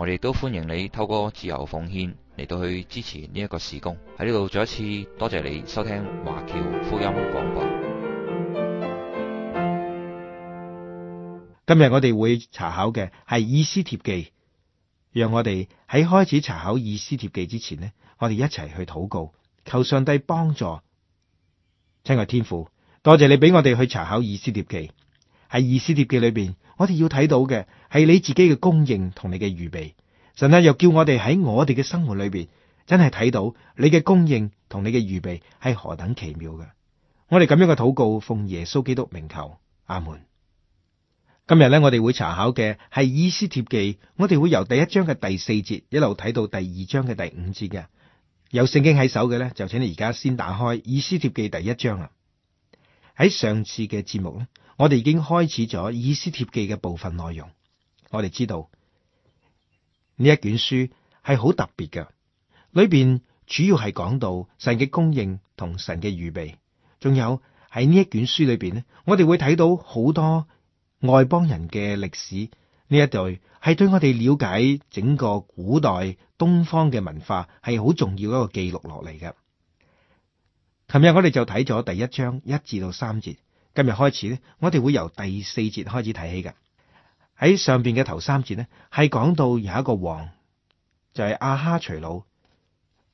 我哋都歡迎你透過自由奉獻嚟到去支持呢一個事工。喺呢度再一次多謝你收聽華僑福音廣播。今日我哋會查考嘅係以斯帖記。讓我哋喺開始查考以斯帖記之前呢，我哋一齊去禱告，求上帝幫助。親愛天父，多謝你俾我哋去查考以斯帖記。喺以斯帖記裏邊。我哋要睇到嘅係你自己嘅供應同你嘅預備。神啊，又叫我哋喺我哋嘅生活裏邊，真係睇到你嘅供應同你嘅預備係何等奇妙嘅。我哋咁樣嘅禱告，奉耶穌基督名求，阿門。今日咧，我哋會查考嘅係以斯帖記，我哋會由第一章嘅第四節一路睇到第二章嘅第五節嘅。有聖經喺手嘅咧，就請你而家先打開以斯帖記第一章啦。喺上次嘅節目咧。我哋已經開始咗《以斯帖記》嘅部分內容，我哋知道呢一卷書係好特別嘅，裏邊主要係講到神嘅供應同神嘅預備。仲有喺呢一卷書裏邊咧，我哋會睇到好多外邦人嘅歷史，呢一對係對我哋了解整個古代東方嘅文化係好重要一個記錄落嚟嘅。琴日我哋就睇咗第一章一至到三節。今日開始咧，我哋會由第四節開始睇起嘅。喺上邊嘅頭三節呢，係講到有一個王就係、是、亞哈隨魯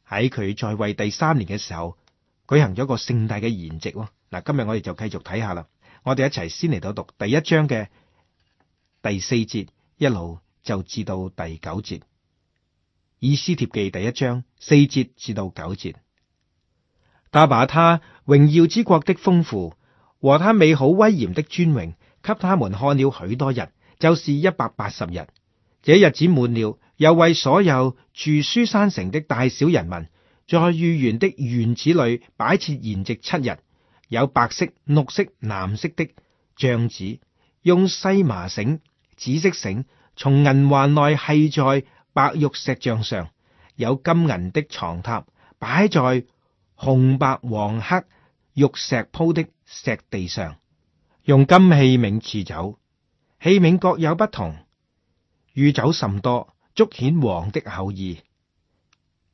喺佢在位第三年嘅時候舉行咗一個盛大嘅筵席。嗱，今日我哋就繼續睇下啦。我哋一齊先嚟到讀第一章嘅第四節，一路就至到第九節。以斯帖記第一章四節至到九節，他把他榮耀之國的豐富。和他美好威嚴的尊榮，給他們看了許多日，就是一百八十日。這日子滿了，又為所有住書山城的大小人民，在御園的院子裏擺設筵席七日，有白色、綠色、藍色的帳子，用細麻繩、紫色繩從銀環內繫在白玉石帳上，有金銀的床榻，擺在紅白黃黑玉石鋪的。石地上用金器皿賜酒，器皿各有不同。御酒甚多，足顯王的厚意。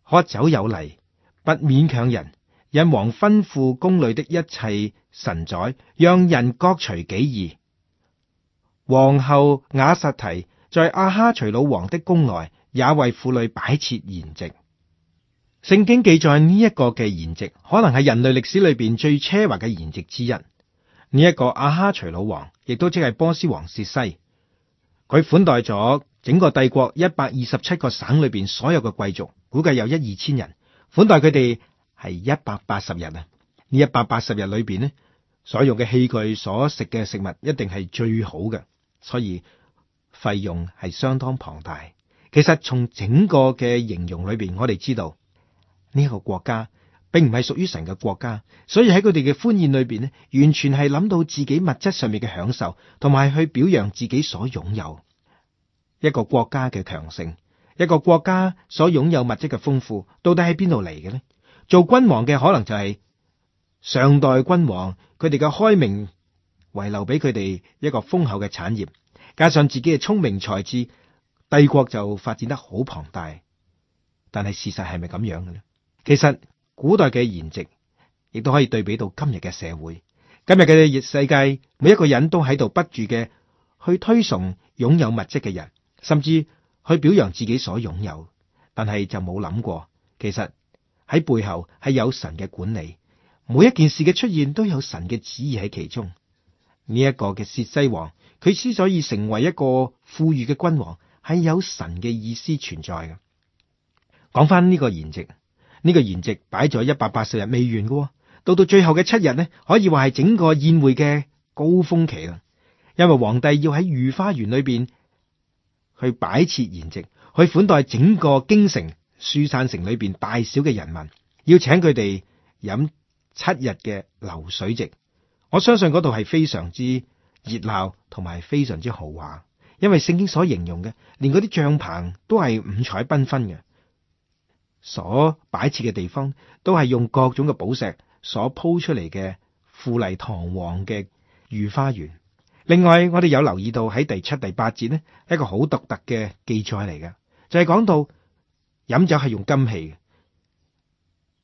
喝酒有例不勉強人。因王吩咐宮裏的一切臣宰，讓人各隨己意。皇后瓦實提在亞哈隨魯王的宮內，也為婦女擺設筵席。聖經記載呢一個嘅筵席，可能係人類歷史裏邊最奢華嘅筵席之一。呢、這、一個亞哈隨魯王，亦都即係波斯王薛西，佢款待咗整個帝國一百二十七個省裏邊所有嘅貴族，估計有一二千人，款待佢哋係一百八十日啊！呢一百八十日裏邊咧，所用嘅器具、所食嘅食物一定係最好嘅，所以費用係相當龐大。其實從整個嘅形容裏邊，我哋知道。呢一個國家並唔係屬於神嘅國家，所以喺佢哋嘅歡宴裏邊呢，完全係諗到自己物質上面嘅享受，同埋去表揚自己所擁有一個國家嘅強盛，一個國家所擁有物質嘅豐富，到底喺邊度嚟嘅呢？做君王嘅可能就係、是、上代君王佢哋嘅開明遺留俾佢哋一個豐厚嘅產業，加上自己嘅聰明才智，帝國就發展得好龐大。但係事實係咪咁樣嘅呢？其實古代嘅筵席，亦都可以對比到今日嘅社會。今日嘅世界，每一個人都喺度不住嘅去推崇擁有物質嘅人，甚至去表揚自己所擁有。但係就冇諗過，其實喺背後係有神嘅管理，每一件事嘅出現都有神嘅旨意喺其中。呢、這、一個嘅薛西王，佢之所以成為一個富裕嘅君王，係有神嘅意思存在嘅。講翻呢個筵席。呢個筵席擺咗一百八十日未完嘅，到到最後嘅七日呢，可以話係整個宴會嘅高峰期啦。因為皇帝要喺御花園裏邊去擺設筵席，去款待整個京城、書珊城裏邊大小嘅人民，要請佢哋飲七日嘅流水席。我相信嗰度係非常之熱鬧同埋非常之豪華，因為聖經所形容嘅，連嗰啲帳篷都係五彩繽紛嘅。所擺設嘅地方都係用各種嘅寶石所鋪出嚟嘅富麗堂皇嘅御花園。另外，我哋有留意到喺第七、第八節呢，一個好獨特嘅記載嚟嘅，就係、是、講到飲酒係用金器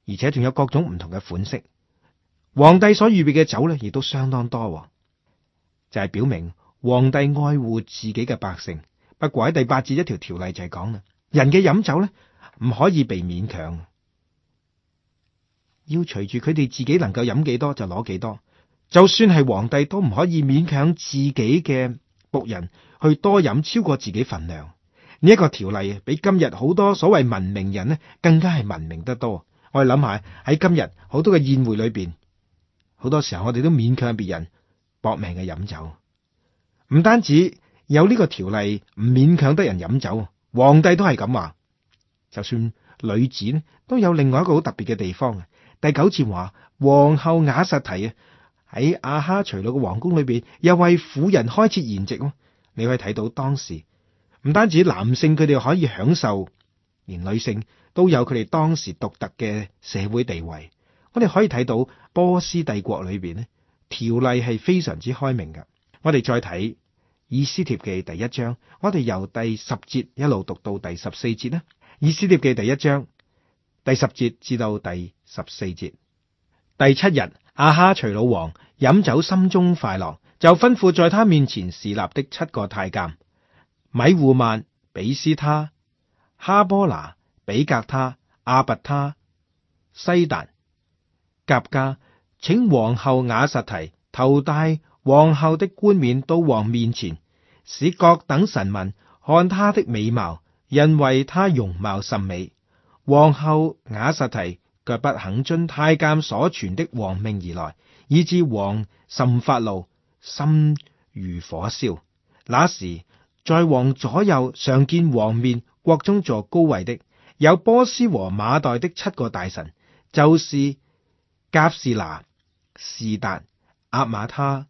嘅，而且仲有各種唔同嘅款式。皇帝所預備嘅酒呢，亦都相當多、哦，就係、是、表明皇帝愛護自己嘅百姓。不過喺第八節一條條例就係講啦，人嘅飲酒呢，唔可以被勉強，要隨住佢哋自己能夠飲幾多就攞幾多。就算係皇帝都唔可以勉強自己嘅僕人去多飲超過自己份量。呢一個條例比今日好多所謂文明人呢，更加係文明得多。我哋諗下喺今日好多嘅宴會裏邊，好多時候我哋都勉強別人搏命嘅飲酒。唔單止有呢個條例唔勉強得人飲酒，皇帝都係咁話。就算女子咧，都有另外一個好特別嘅地方嘅。第九節話，皇后雅實提啊，喺亞哈隨魯嘅皇宮裏邊又為婦人開設筵席。你可以睇到當時唔單止男性，佢哋可以享受，連女性都有佢哋當時獨特嘅社會地位。我哋可以睇到波斯帝國裏邊咧，條例係非常之開明嘅。我哋再睇《以斯帖記》第一章，我哋由第十節一路讀到第十四節啦。以斯帖記第一章第十節至到第十四節，第七日，亞哈隨魯王飲酒，心中快樂，就吩咐在他面前侍立的七個太監：米戶曼、比斯他、哈波拿、比格他、阿拔他、西但、甲加，請皇后雅實提頭戴皇后的冠冕到王面前，使各等臣民看她的美貌。因為他容貌甚美，皇后瓦實提卻不肯遵太監所傳的皇命而來，以致王甚發怒，心如火燒。那時，在王左右常見王面、國中坐高位的，有波斯和馬代的七個大臣，就是甲士拿、士達、阿馬他、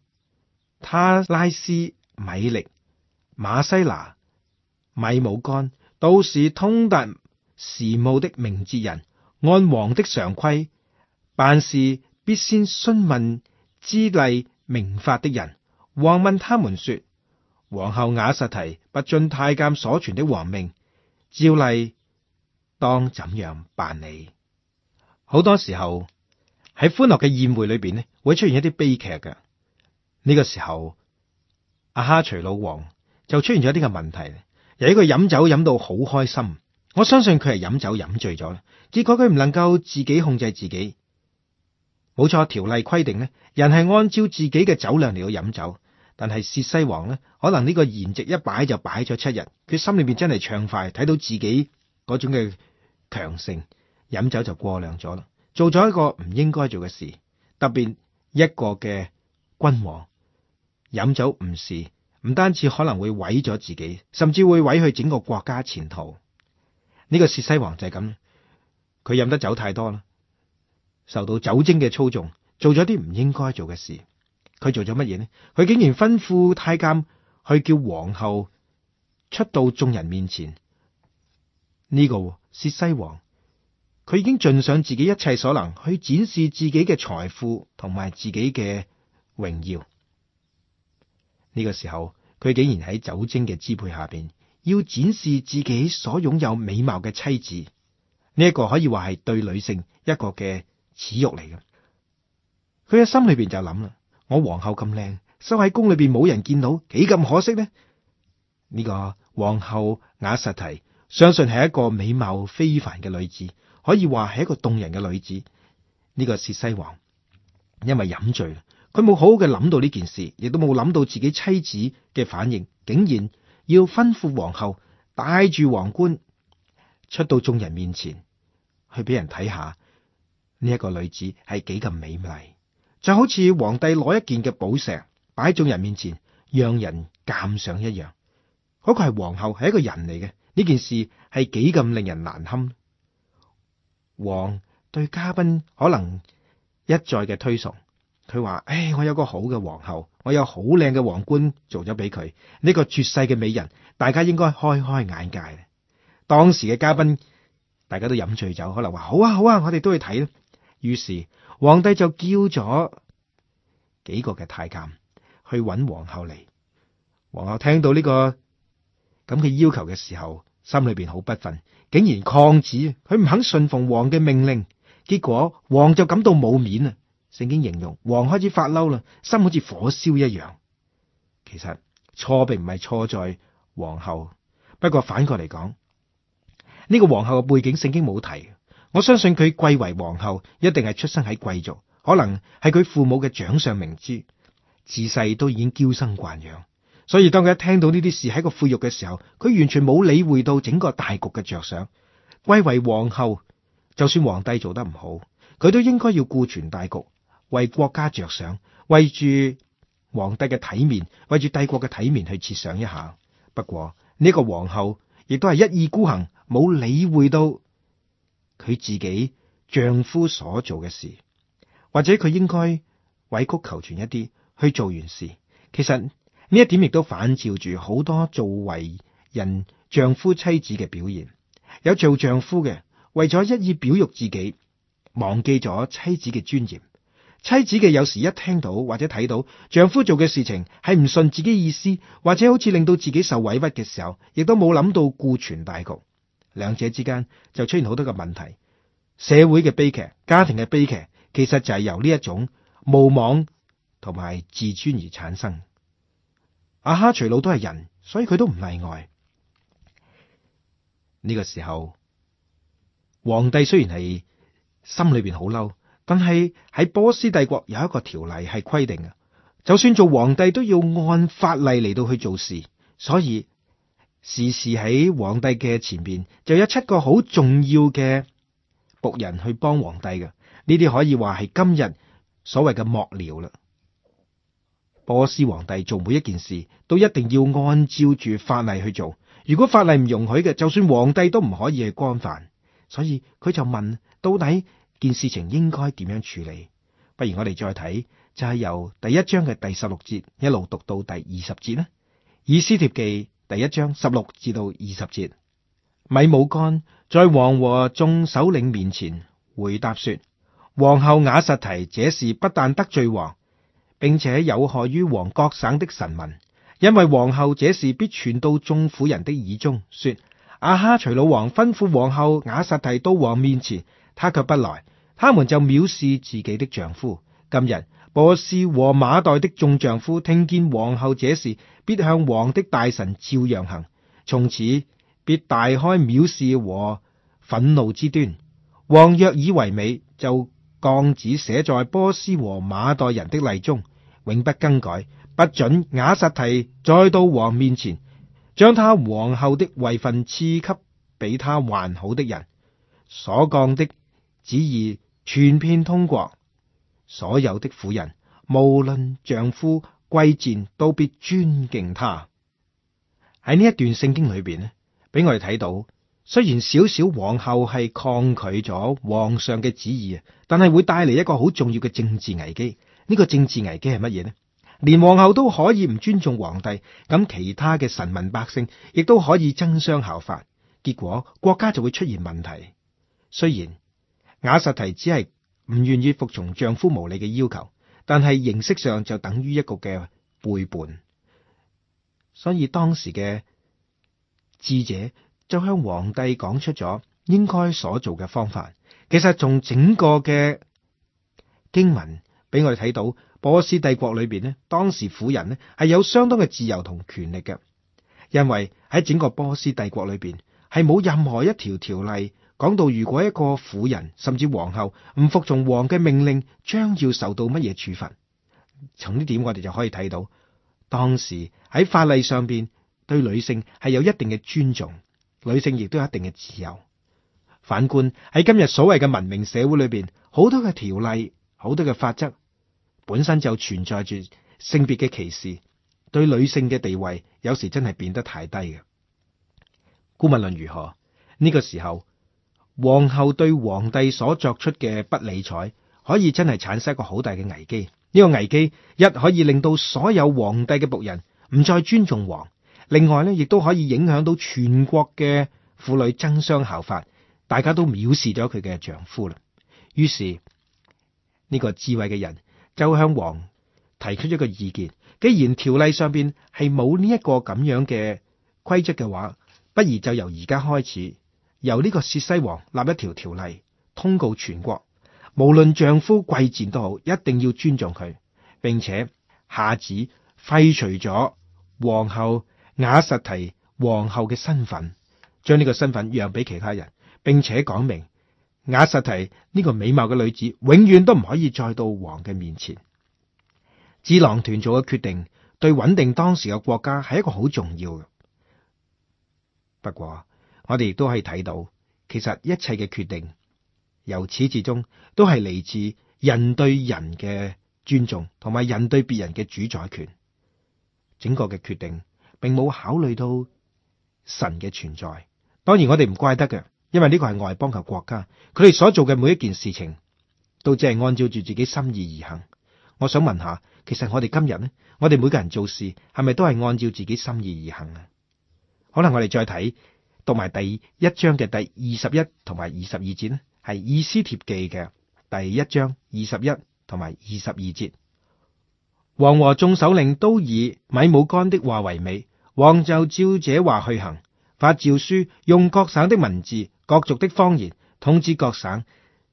他拉斯、米力、馬西拿、米姆干。到時通達時務的明哲人，按王的常規辦事，必先詢問知例明法的人。王問他們說：皇后瓦實提不遵太監所傳的王命，照例當怎樣辦理？好多時候喺歡樂嘅宴會裏邊咧，會出現一啲悲劇嘅。呢、這個時候，阿、啊、哈隨魯王就出現咗一啲嘅問題。由佢個飲酒飲到好開心，我相信佢係飲酒飲醉咗啦。結果佢唔能夠自己控制自己，冇錯。條例規定咧，人係按照自己嘅酒量嚟到飲酒，但係薛西王呢，可能呢個筵席一擺就擺咗七日，佢心裏邊真係暢快，睇到自己嗰種嘅強盛，飲酒就過量咗啦，做咗一個唔應該做嘅事，特別一個嘅君王飲酒誤事。唔單止可能會毀咗自己，甚至會毀去整個國家前途。呢個薛西王就係咁，佢飲得酒太多啦，受到酒精嘅操縱，做咗啲唔應該做嘅事。佢做咗乜嘢呢？佢竟然吩咐太監去叫皇后出到眾人面前。呢個薛西王，佢已經盡上自己一切所能去展示自己嘅財富同埋自己嘅榮耀。呢個時候。佢竟然喺酒精嘅支配下邊，要展示自己所擁有美貌嘅妻子，呢一個可以話係對女性一個嘅恥辱嚟嘅。佢嘅心裏邊就諗啦，我皇后咁靚，收喺宮裏邊冇人見到，幾咁可惜呢？呢個皇后瓦實提，相信係一個美貌非凡嘅女子，可以話係一個動人嘅女子。呢個薛西王因為飲醉佢冇好好嘅諗到呢件事，亦都冇諗到自己妻子嘅反應，竟然要吩咐皇后帶住皇冠出到眾人面前去俾人睇下，呢一個女子係幾咁美麗，就好似皇帝攞一件嘅寶石擺喺眾人面前讓人鑒賞一樣。嗰個係皇后，係一個人嚟嘅。呢件事係幾咁令人難堪。王對嘉賓可能一再嘅推崇。佢話：唉、哎，我有個好嘅皇后，我有好靚嘅皇冠做咗俾佢。呢個絕世嘅美人，大家應該開開眼界。當時嘅嘉賓，大家都飲醉酒，可能話好啊好啊，我哋都去睇啦。於是皇帝就叫咗幾個嘅太監去搵皇后嚟。皇后聽到呢、這個咁嘅要求嘅時候，心裏邊好不忿，竟然抗旨，佢唔肯順奉王嘅命令。結果王就感到冇面啊！聖經形容王開始發嬲啦，心好似火燒一樣。其實錯並唔係錯在皇后，不過反過嚟講，呢個皇后嘅背景聖經冇提。我相信佢貴為皇后，一定係出生喺貴族，可能係佢父母嘅掌上明珠，自細都已經嬌生慣養。所以當佢一聽到呢啲事喺個腹欲嘅時候，佢完全冇理會到整個大局嘅着想。貴為皇后，就算皇帝做得唔好，佢都應該要顧全大局。為國家着想，為住皇帝嘅體面，為住帝國嘅體面去設想一下。不過，呢個皇后亦都係一意孤行，冇理會到佢自己丈夫所做嘅事，或者佢應該委曲求全一啲去做完事。其實呢一點亦都反照住好多做為人丈夫，妻子嘅表現。有做丈夫嘅為咗一意表辱自己，忘記咗妻子嘅尊嚴。妻子嘅，有時一聽到或者睇到丈夫做嘅事情係唔順自己意思，或者好似令到自己受委屈嘅時候，亦都冇諗到顧全大局，兩者之間就出現好多嘅問題。社會嘅悲劇、家庭嘅悲劇，其實就係由呢一種無妄同埋自尊而產生。亞哈隨魯都係人，所以佢都唔例外。呢個時候，皇帝雖然係心裏邊好嬲。但係喺波斯帝國有一個條例係規定嘅，就算做皇帝都要按法例嚟到去做事，所以時時喺皇帝嘅前邊就有七個好重要嘅僕人去幫皇帝嘅。呢啲可以話係今日所謂嘅幕僚啦。波斯皇帝做每一件事都一定要按照住法例去做，如果法例唔容許嘅，就算皇帝都唔可以去干犯。所以佢就問到底，件事情應該點樣處理？不如我哋再睇，就係、是、由第一章嘅第十六節一路讀到第二十節啦。以斯帖記第一章十六至到二十節，米武干在王和眾首領面前回答說：皇后瓦實提這事不但得罪王，並且有害於王各省的臣民，因為皇后這事必傳到眾婦人的耳中。說：亞哈隨魯王吩咐皇后瓦實提到王面前。他卻不來，他們就藐視自己的丈夫。今日波斯和馬代的眾丈夫聽見王后這事，必向王的大臣照樣行，從此必大開藐視和憤怒之端。王若以為美，就降旨寫在波斯和馬代人的例中，永不更改，不准瓦實提再到王面前，將他王后的位份賜給比他還好的人所降的旨意全篇通過，所有的婦人，無論丈夫貴賤，都必尊敬他。喺呢一段聖經裏邊咧，俾我哋睇到，雖然少少皇后係抗拒咗皇上嘅旨意，但係會帶嚟一個好重要嘅政治危機。呢個政治危機係乜嘢咧？連皇后都可以唔尊重皇帝，咁其他嘅臣民百姓亦都可以爭相效法，結果國家就會出現問題。雖然。瓦實提只係唔願意服從丈夫無理嘅要求，但係形式上就等於一個嘅背叛。所以當時嘅智者就向皇帝講出咗應該所做嘅方法。其實從整個嘅經文俾我哋睇到，波斯帝國裏邊呢，當時婦人呢係有相當嘅自由同權力嘅，因為喺整個波斯帝國裏邊係冇任何一條條例。講到如果一個婦人甚至皇后唔服從王嘅命令，將要受到乜嘢處罰？從呢點我哋就可以睇到，當時喺法例上邊對女性係有一定嘅尊重，女性亦都有一定嘅自由。反觀喺今日所謂嘅文明社會裏邊，好多嘅條例、好多嘅法則，本身就存在住性別嘅歧視，對女性嘅地位有時真係變得太低嘅。無論如何，呢個時候。皇后對皇帝所作出嘅不理睬，可以真係產生一個好大嘅危機。呢個危機一可以令到所有皇帝嘅僕人唔再尊重皇，另外呢亦都可以影響到全國嘅婦女爭相效法，大家都藐視咗佢嘅丈夫啦。於是呢個智慧嘅人就向皇提出一個意見：既然條例上邊係冇呢一個咁樣嘅規則嘅話，不如就由而家開始。由呢個薛西王立一條條例，通告全國，無論丈夫貴賤都好，一定要尊重佢，並且下旨廢除咗皇后雅實提皇后嘅身份，將呢個身份讓俾其他人，並且講明雅實提呢個美貌嘅女子永遠都唔可以再到王嘅面前。智囊團做嘅決定，對穩定當時嘅國家係一個好重要嘅。不過。我哋亦都可以睇到，其實一切嘅決定，由始至終都係嚟自人對人嘅尊重，同埋人對別人嘅主宰權。整個嘅決定並冇考慮到神嘅存在。當然，我哋唔怪得嘅，因為呢個係外邦嘅國家，佢哋所做嘅每一件事情，都只係按照住自己心意而行。我想問下，其實我哋今日呢，我哋每個人做事係咪都係按照自己心意而行啊？可能我哋再睇。同埋第一章嘅第二十一同埋二十二節咧，係以斯帖記嘅第一章二十一同埋二十二節。王和眾首領都以米母干的話為美，王就照這話去行，發詔書用各省的文字、各族的方言，通知各省，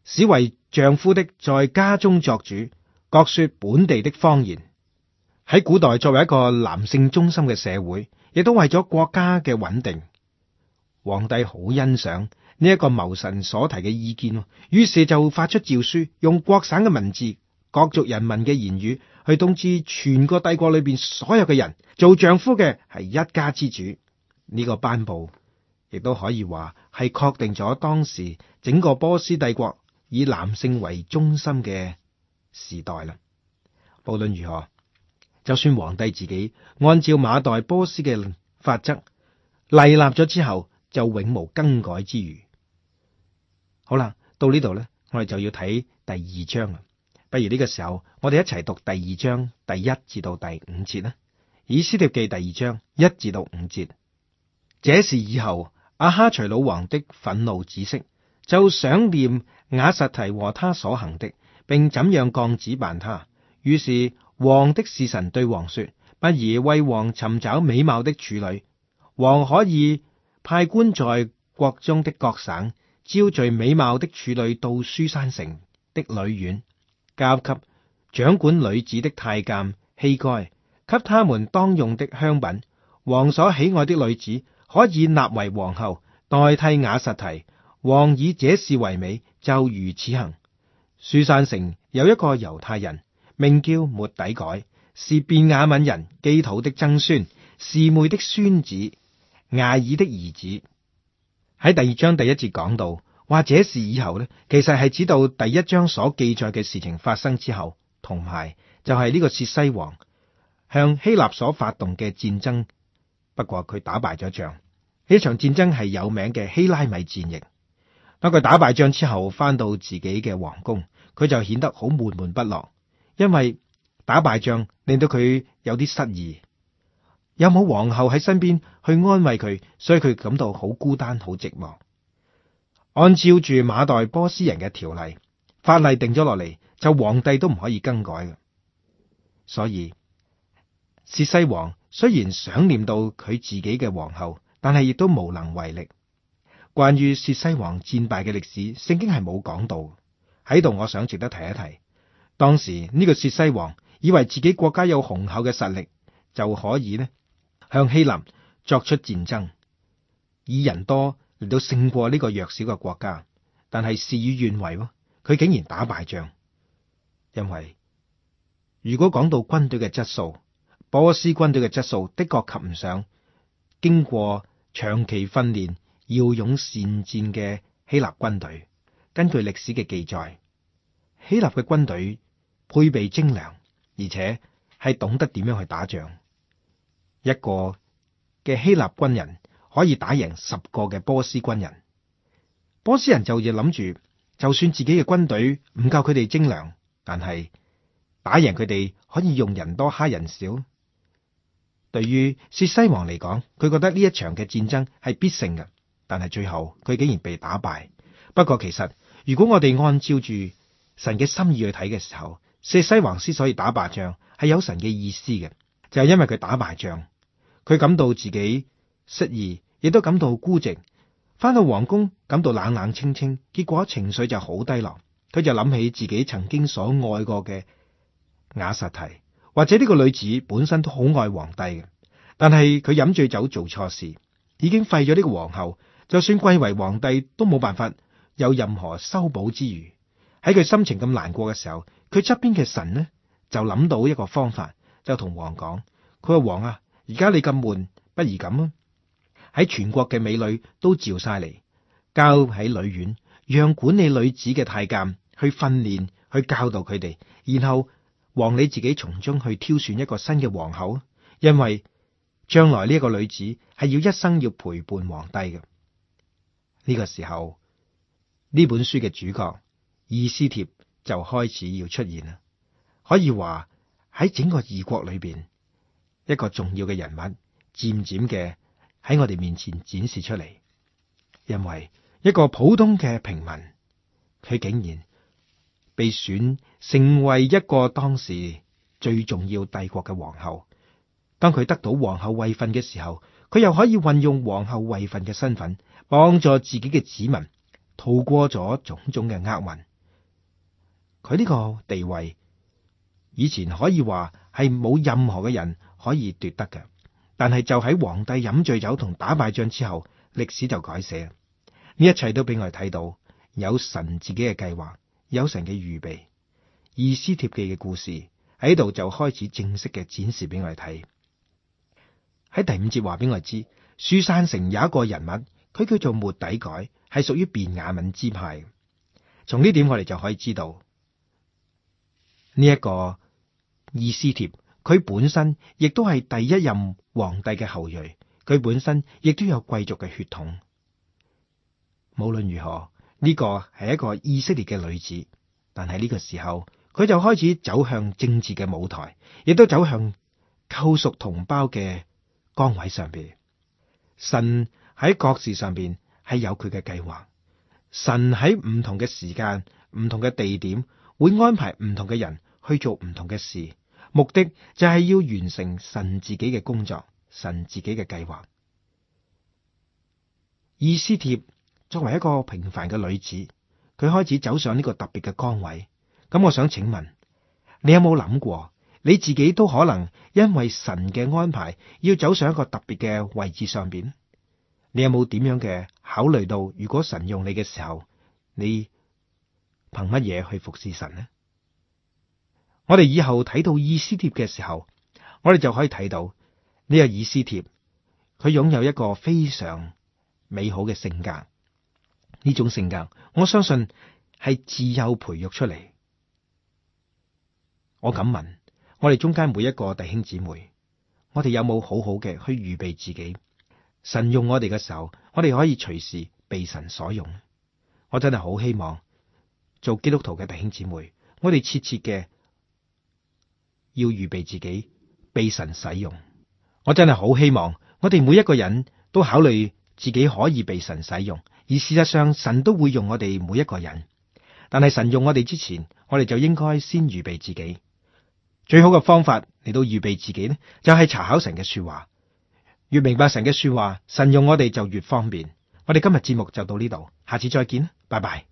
使為丈夫的在家中作主，各說本地的方言。喺古代作為一個男性中心嘅社會，亦都為咗國家嘅穩定。皇帝好欣賞呢一個謀臣所提嘅意見，於是就發出詔書，用各省嘅文字、各族人民嘅言語去通知全個帝國裏邊所有嘅人。做丈夫嘅係一家之主，呢、這個頒布亦都可以話係確定咗當時整個波斯帝國以男性為中心嘅時代啦。無論如何，就算皇帝自己按照馬代波斯嘅法則立立咗之後。就永無更改之馀好啦，到呢度呢，我哋就要睇第二章啦。不如呢個時候，我哋一齊讀第二章第一至到第五節啦。以斯帖記第二章一至到五節，這是以後阿哈隨老王的憤怒，紫色就想念亞實提和他所行的，並怎樣降子辦他。於是王的侍臣對王說：不如為王尋找美貌的處女，王可以。派官在國中的各省招聚美貌的處女，到書珊城的女院，交給掌管女子的太監希該，給他們當用的香品。王所喜愛的女子可以立為皇后，代替瓦實提。王以這事為美，就如此行。書珊城有一個猶太人，名叫末底改，是便雅憫人基土的曾孫，示每的孫子。艾爾的兒子。喺第二章第一節講到，話這事以後呢，其實係指到第一章所記載嘅事情發生之後，同埋就係呢個薛西王向希臘所發動嘅戰爭。不過佢打敗咗仗，呢場戰爭係有名嘅希拉米戰役。當佢打敗仗之後，翻到自己嘅皇宮，佢就顯得好悶悶不樂，因為打敗仗令到佢有啲失意。有冇皇后喺身邊去安慰佢，所以佢感到好孤單、好寂寞。按照住馬代波斯人嘅條例法例定咗落嚟，就皇帝都唔可以更改嘅。所以薛西王雖然想念到佢自己嘅皇后，但係亦都無能為力。關於薛西王戰敗嘅歷史，聖經係冇講到喺度。我想值得提一提，當時呢個薛西王以為自己國家有雄厚嘅實力就可以呢。向希臘作出戰爭，以人多嚟到勝過呢個弱小嘅國家，但係事與願違，佢竟然打敗仗。因為如果講到軍隊嘅質素，波斯軍隊嘅質素的確及唔上經過長期訓練、驍勇善戰嘅希臘軍隊。根據歷史嘅記載，希臘嘅軍隊配備精良，而且係懂得點樣去打仗。一個嘅希臘軍人可以打贏十個嘅波斯軍人，波斯人就要諗住，就算自己嘅軍隊唔夠佢哋精良，但係打贏佢哋可以用人多蝦人少。對於薛西王嚟講，佢覺得呢一場嘅戰爭係必勝嘅，但係最後佢竟然被打敗。不過其實，如果我哋按照住神嘅心意去睇嘅時候，薛西王之所以打敗仗係有神嘅意思嘅，就係、是、因為佢打敗仗。佢感到自己失意，亦都感到孤寂。返到皇宮，感到冷冷清清，結果情緒就好低落。佢就諗起自己曾經所愛過嘅瓦實提，或者呢個女子本身都好愛皇帝嘅。但係佢飲醉酒做錯事，已經廢咗呢個皇后。就算貴為皇帝，都冇辦法有任何修補之餘。喺佢心情咁難過嘅時候，佢側邊嘅神呢就諗到一個方法，就同王講：佢話王啊！而家你咁悶，不如咁啊！喺全國嘅美女都召晒嚟，交喺女院，讓管理女子嘅太監去訓練、去教導佢哋，然後王你自己從中去挑選一個新嘅皇后。因為將來呢個女子係要一生要陪伴皇帝嘅。呢、這個時候，呢本書嘅主角以斯帖就開始要出現啦。可以話喺整個異國裏邊。一個重要嘅人物，漸漸嘅喺我哋面前展示出嚟。因為一個普通嘅平民，佢竟然被選成為一個當時最重要帝國嘅皇后。當佢得到皇后位份嘅時候，佢又可以運用皇后位份嘅身份，幫助自己嘅子民逃過咗種種嘅厄運。佢呢個地位，以前可以話係冇任何嘅人可以奪得嘅，但係就喺皇帝飲醉酒同打敗仗之後，歷史就改寫。呢一切都俾我哋睇到，有神自己嘅計劃，有神嘅預備。以斯帖記嘅故事喺度就開始正式嘅展示俾我哋睇。喺第五節話俾我哋知，書珊城有一個人物，佢叫做末底改，係屬於便雅憫支派。從呢點我哋就可以知道，呢、這、一個以斯帖。佢本身亦都係第一任皇帝嘅後裔，佢本身亦都有貴族嘅血統。無論如何，呢個係一個以色列嘅女子，但係呢個時候佢就開始走向政治嘅舞台，亦都走向救贖同胞嘅崗位上邊。神喺國事上邊係有佢嘅計劃，神喺唔同嘅時間、唔同嘅地點會安排唔同嘅人去做唔同嘅事。目的就係要完成神自己嘅工作，神自己嘅計劃。以斯帖作為一個平凡嘅女子，佢開始走上呢個特別嘅崗位。咁我想請問，你有冇諗過，你自己都可能因為神嘅安排，要走上一個特別嘅位置上邊？你有冇點樣嘅考慮到，如果神用你嘅時候，你憑乜嘢去服侍神呢？我哋以後睇到以斯帖嘅時候，我哋就可以睇到呢，這個以斯帖，佢擁有一個非常美好嘅性格。呢種性格，我相信係自幼培育出嚟。我敢問，我哋中間每一個弟兄姊妹，我哋有冇好好嘅去預備自己？神用我哋嘅時候，我哋可以隨時被神所用。我真係好希望做基督徒嘅弟兄姊妹，我哋切切嘅。要預備自己被神使用，我真係好希望我哋每一個人都考慮自己可以被神使用，而事實上神都會用我哋每一個人。但係神用我哋之前，我哋就應該先預備自己。最好嘅方法嚟到預備自己呢，就係查考神嘅說話。越明白神嘅說話，神用我哋就越方便。我哋今日節目就到呢度，下次再見，拜拜。